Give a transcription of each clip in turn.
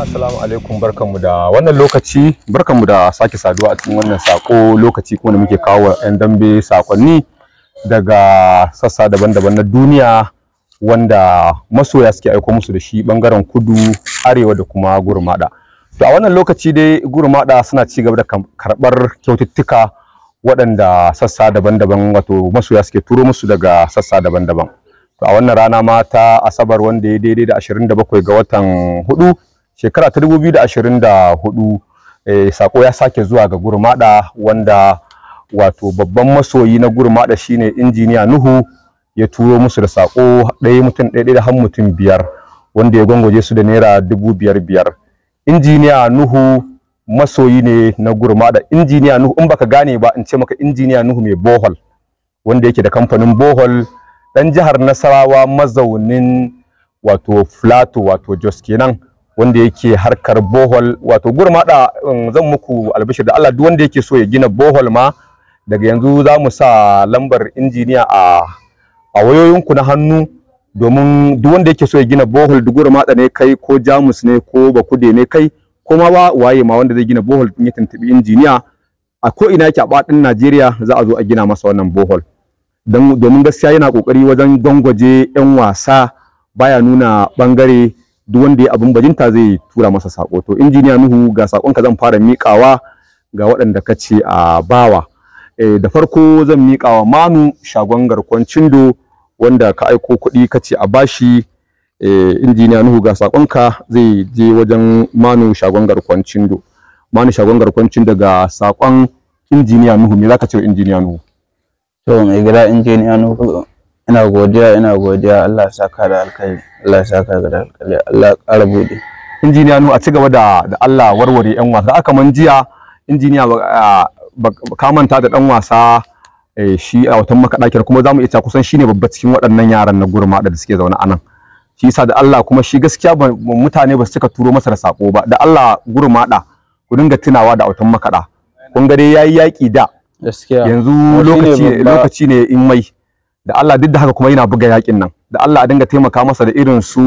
assalamu alaikum barkanmu da wannan lokaci barkanmu da sake saduwa a cikin wannan sako lokaci kuma muke kawo yan dambe sakonni daga sassa daban-daban na duniya wanda masoya suke aiko musu da shi bangaren kudu arewa da kuma gurmada to a wannan lokaci dai gurmada suna ci gaba da karbar kyaututtuka waɗanda sassa daban-daban wato masoya suke turo musu daga sassa daban-daban a wannan rana mata asabar wanda ya daidai da 27 ga watan hudu shekara ta 2024 eh, sako ya sake zuwa ga gurmada wanda wato babban masoyi na gurmada shine injiniya Nuhu ya turo musu da sako ɗaya mutum ɗaya da har mutum biyar wanda ya gwangwaje su da naira dubu biyar biyar injiniya Nuhu masoyi ne na gurmada injiniya Nuhu in baka gane ba in ce maka injiniya Nuhu mai bohol wanda yake da kamfanin bohol dan jihar Nasarawa mazaunin wato flato wato Jos kenan wanda yake harkar bohol wato da um, zan muku albishir da Allah duk wanda yake so ya gina bohol ma daga yanzu za mu sa lambar injiniya a a wayoyinku na hannu domin duk wanda yake so ya gina bohol duk da ne kai ko jamus ne ko bakude ne kai ko ma ba waye ma wanda zai gina bohol din ya tuntubi injiniya a ko ina yake a badin Najeriya za a zo a gina masa wannan bohol domin gaskiya yana kokari wajen gwangwaje yan wasa baya nuna bangare duk wanda ya abin bajinta zai tura masa sako to injiniya nuhu ga sakon ka zan fara miƙawa ga waɗanda ka ce a bawa eh, da farko zan miƙawa manu shagon garkon cindo wanda ka aiko kuɗi ka ce a bashi eh, injiniya nuhu ga sakonka zai je wajen manu shagon garkon cindo manu shagon garkon cindo ga sakon injiniya nuhu me zaka ce injiniya nuhu to mai gida injiniya nuhu ina godiya ina godiya Allah ya saka da alkhairi Allah ya saka da alkhairi Allah ya ƙara buɗe injiniya nu a ci gaba da da Allah warware ƴan wasa aka man jiya injiniya ah, ka manta da ɗan wasa eh, shi a watan makaɗakiyar kuma za mu iya kusan shine babba cikin waɗannan yaran na gurma da suke zaune a nan shi yasa da Allah kuma shi gaskiya mutane ba su cika turo masa da sako ba da Allah gurma da ku dinga tunawa da autan makaɗa kun ga dai yayi yaƙi da gaskiya yanzu lokaci lokaci ne in mai da Allah duk da haka kuma yana buga yakin nan da Allah a dinga taimaka masa da irin su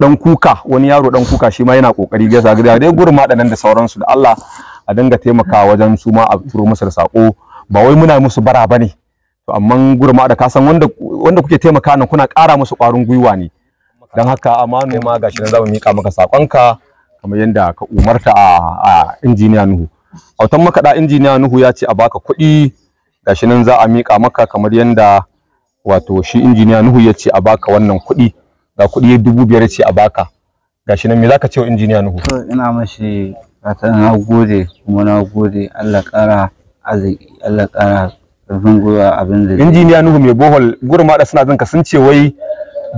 dan eh, kuka wani yaro dan kuka shi ma yana kokari gaza ga dai da nan da sauransu da Allah a dinga taimaka wajen su ma a turo masa da sako ba wai muna musu bara bane to amma gurma ma da kasan wanda wanda kuke taimaka nan kuna ƙara musu ƙwarin gwiwa ne dan haka amanu ma gashi nan mu mika maka sakonka kamar yadda ka umarta a injiniya Nuhu Hautan makaɗa injiniya nuhu ya ce a baka kuɗi gashi nan za a miƙa maka kamar yanda wato shi injiniya nuhu ya ce a baka wannan kuɗi ga kuɗi dubu biyar ce a baka gashi nan me zaka ce wa injiniya nuhu to ina mashi ta na gode kuma na gode Allah ƙara arziki Allah ƙara karfin gwiwa abin da injiniya nuhu mai bohol gurma da suna zanka sun ce wai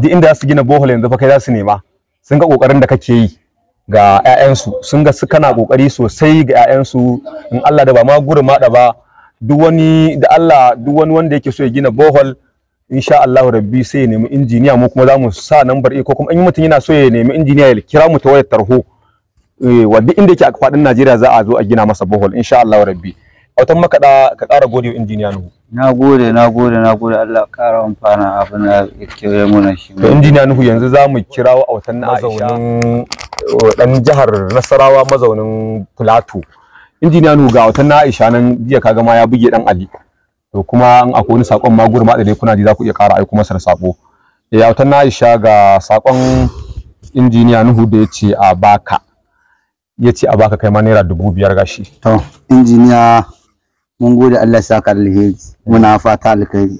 duk inda za su gina bohol yanzu fa kai za su nema sun ga kokarin da kake yi ga 'ya'yansu sun ga su kana kokari sosai ga 'ya'yansu in Allah da ba ma gurin ma ba duk wani da Allah duk wani wanda yake so ya gina bohol insha Allah rabbi sai ya nemi injiniya mu kuma zamu sa number ko kuma in mutum yana so ya nemi injiniya ya kira mu ta wayar tarho eh wanda inda yake a fadin Najeriya za a zo a gina masa bohol insha Allah rabbi autan makaɗa ka ƙara gode wa injiniya Nuhu. Na gode, na gode, na gode Allah ƙara amfana abin da yake kewaye nan shi. To injiniya Nuhu yanzu za mu kirawo autan na Aisha. dan jihar Nasarawa mazaunin Plateau injiniya nu ga watan na Aisha nan jiya kaga ma ya buge dan Ali to kuma an akwai wani sakon ma gurma da dai kuna ji za ku iya ƙara aiko masa da sako ya eh, watan na Aisha ga sakon injiniya Nuhu da yace a baka yace a baka kai ma naira dubu biyar gashi to injiniya mun gode Allah ya saka alheri muna fata alheri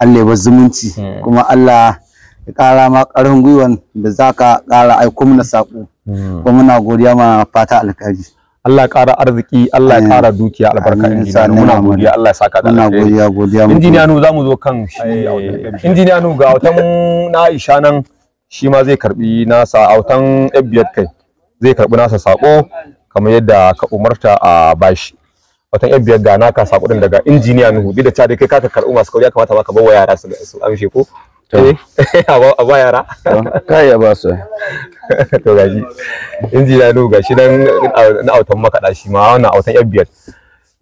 Allah ya bar zumunci hmm. kuma Allah ya ƙara ma ƙarfin gwiwan da za ka ƙara aiko mana saƙo hmm. kuma muna godiya ma fata alƙari Allah ya ƙara arziki Allah ya ƙara dukiya albarka injiniya muna godiya Allah ya saka da muna godiya godiya injiniya nu zamu zo kan shi injiniya nu ga autan na Aisha nan shi ma zai karbi nasa autan F5 kai zai karbi nasa sako kamar yadda ka umarta a bashi watan yan biyar ga naka sakudin daga injiniya Nuhu bi da ta kai kaka karɓi masu kauri ya kamata ba ka bawa yara su amshe ko Eh, a ba yara kai ya ba su to gaji injina nu gashi nan na autan makaɗa shi ma wannan autan yan biyar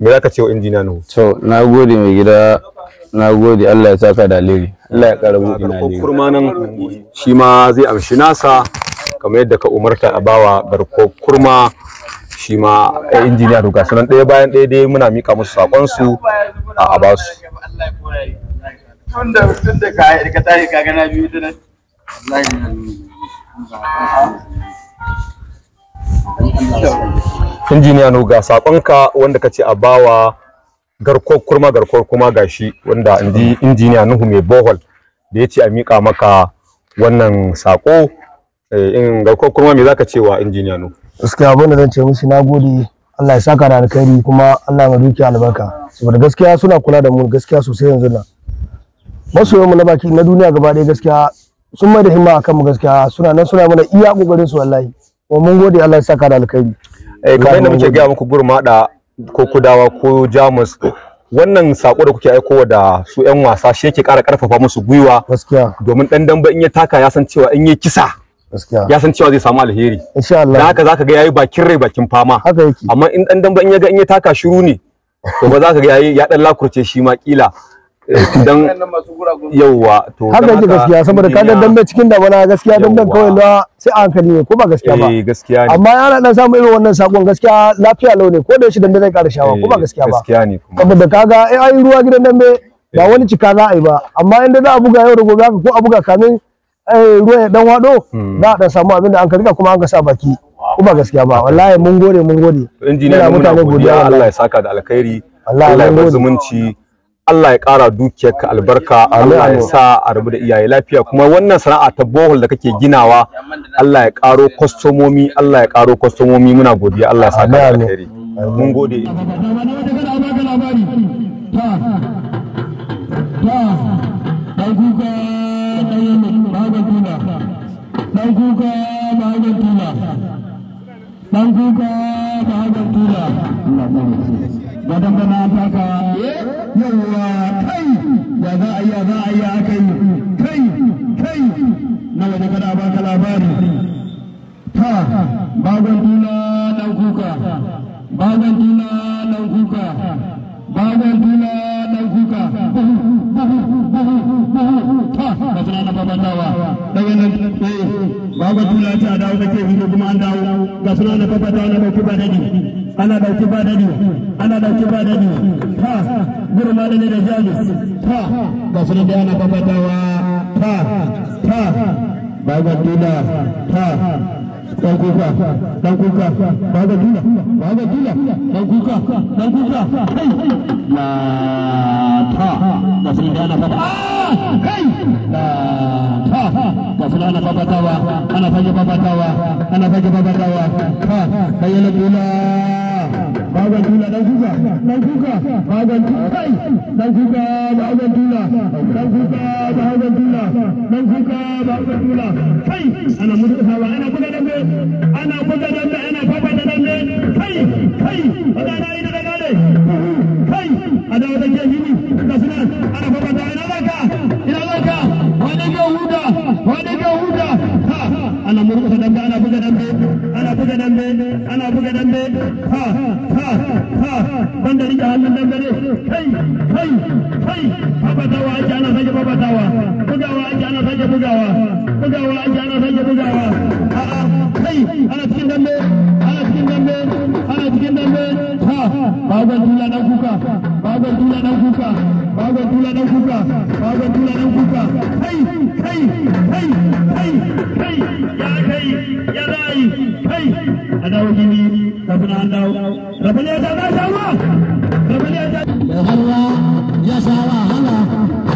me ka ce wa injina nu to na gode mai gida na gode Allah ya saka da alheri Allah ya karamu ina ne kurma nan shi ma zai amshi nasa kamar yadda ka umarta a bawa garko kurma shi ma ɗan injiniya to ga sanan ɗaya bayan ɗaya dai muna mika musu saƙon su a basu tunda tunda ka ka tare ka gana biyu da wallahi injiniya no ga sakonka wanda kace a bawa garkuwar kurma garkuwar kuma gashi wanda inji injiniya Nuhu mai bohol da yace a mika maka wannan sako eh, in garkuwar kurma me zaka ce wa injiniya Nuhu gaskiya abin da zan ce musu nagode Allah ya saka da alkhairi kuma Allah ya dukiya albarka saboda gaskiya suna kula da mu gaskiya sosai yanzu nan masoyan mu na baki na duniya gaba ɗaya gaskiya sun mai da himma a kanmu gaskiya suna nan suna mana iya ƙoƙarin su wallahi wa mun gode Allah ya saka da alkhairi eh kamar yadda muke ga muku da ko kudawa ko jamus wannan sako da kuke aiko da su yan wasa shi yake ƙara ƙarfafa musu gwiwa gaskiya domin dan damba in ya taka ya san cewa in yi kisa gaskiya ya san cewa zai samu alheri insha Allah dan haka zaka ga yayi bakin rai bakin fama haka yake amma in dan damba in ya ga in ya taka shiru ne to ba zaka ga yayi ya dan lakurce shi ma kila Idan eh, yauwa to haka ji gaskiya saboda ka ga dambe cikin da bana gaskiya damben kawai na sai an kani ne ko ba gaskiya ba eh gaskiya ne amma yana dan samu irin wannan sakon gaskiya lafiya lau ne ko da shi dambe zai ƙara shawa ko ba eh, gaskiya ba gaskiya ne kuma saboda kaga eh ai ruwa gidan dambe ba eh. wani cika za a yi ba amma inda za a buga yau da gobe ko a buga kamin ruwa ya dan wado hmm. za a dan samu abin da an ka kuma an ka sa baki ko ba gaskiya ba wallahi mun gode mun gode injiniya mutane godiya Allah ya saka da alkhairi Allah ya zumunci Allah ya ƙara dukiyarka albarka Allah ya sa a rabu da iyaye lafiya kuma wannan sana'a ta bohol da kake ginawa Allah ya ƙaro kwastomomi Allah ya ƙaro kwastomomi muna godiya Allah ya sa ka alheri mun gode ayya za a iya aka yi kai kai na waje kada baka labari ta bagon tula dan kuka bagon tula dan kuka bagon tula dan kuka ta ba suna na babandawa daga nan eh, bagon tula ta dawo take hindu kuma an dawo ga suna na fafata na dauki ba dadi ana dauki ba dadi ana dauki ba dadi ta gurma da ne da jalis ta ga su da ana babatawa ta ta ba ga dina ta dan kuka dan kuka ba ga dina ba ga dina dan kuka dan kuka na ta ga su da ana babatawa kwa fulana baba dawa anafanya baba dawa anafanya baba dawa bayana dula bagan dula dan kuka dan kuka bagan kai dan kuka bagan dula dan kuka bagan dula dan kuka bagan dula kai ana mudu hawa ana kuka dambe ana kuka dambe ana baba da dambe kai kai ana dai da gare kai ada wata ke yini da sunan ana baba da ina baka wani ga huta ha ana murƙusa dambe ana buga dambe ana buga dambe ana buga dambe ha ha ha banda rike hannun dambe ne kai kai kai babatawa ake ana sake babatawa bugawa ake ana sake bugawa bugawa ake ana sake bugawa Ha! kai ana cikin dambe ana cikin dambe ana cikin dambe ha bagon tula dan kuka bagon tula dan kuka bagon tula dan kuka bagon tula dan kuka kai kai kai kai kai ya kai ya dai kai a dawo gini rabu na dawo rabu ne ta ta shawa rabu ne ta ya harwa ya shawa hala